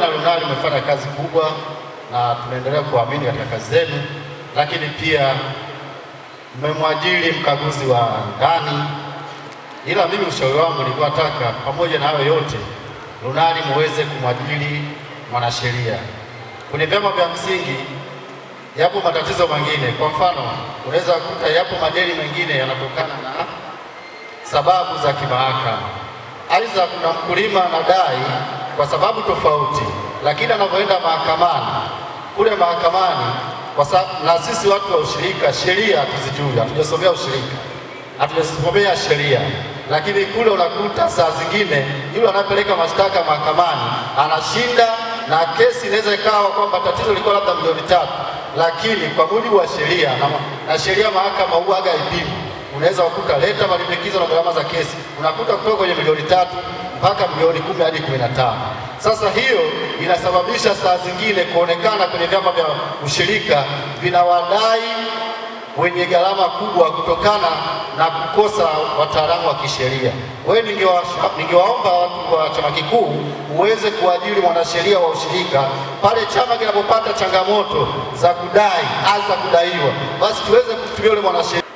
pamoja na Lonali umefanya kazi kubwa na tunaendelea kuamini katika kazi zenu, lakini pia mmemwajiri mkaguzi wa ndani, ila mimi ushauri wangu nilikuwa nataka pamoja na hayo yote Lonali muweze kumwajiri mwanasheria. Kwenye vyama vya msingi yapo matatizo mengine, kwa mfano unaweza kukuta yapo madeni mengine yanatokana na sababu za kimahakama. Aidha, kuna mkulima anadai kwa sababu tofauti, lakini anavyoenda mahakamani kule mahakamani, kwa sababu na sisi watu wa ushirika sheria hatuzijui, hatujasomea ushirika, hatujasomea sheria, lakini kule unakuta saa zingine yule anapeleka mashtaka mahakamani anashinda, na kesi inaweza ikawa kwamba tatizo lilikuwa labda milioni tatu, lakini kwa mujibu wa sheria na, na sheria mahakama huaga ipimu unaweza kukuta leta malimbikizo na gharama za kesi unakuta kutoka kwenye milioni tatu mpaka milioni kumi hadi kumi na tano. Sasa hiyo inasababisha saa zingine kuonekana kwenye vyama vya ushirika vinawadai wenye gharama kubwa kutokana na kukosa wataalamu wa kisheria. Wewe, ningewaomba watu wa chama kikuu uweze kuajiri mwanasheria wa ushirika pale chama kinapopata changamoto za kudai au za kudaiwa, basi tuweze kutumia yule mwanasheria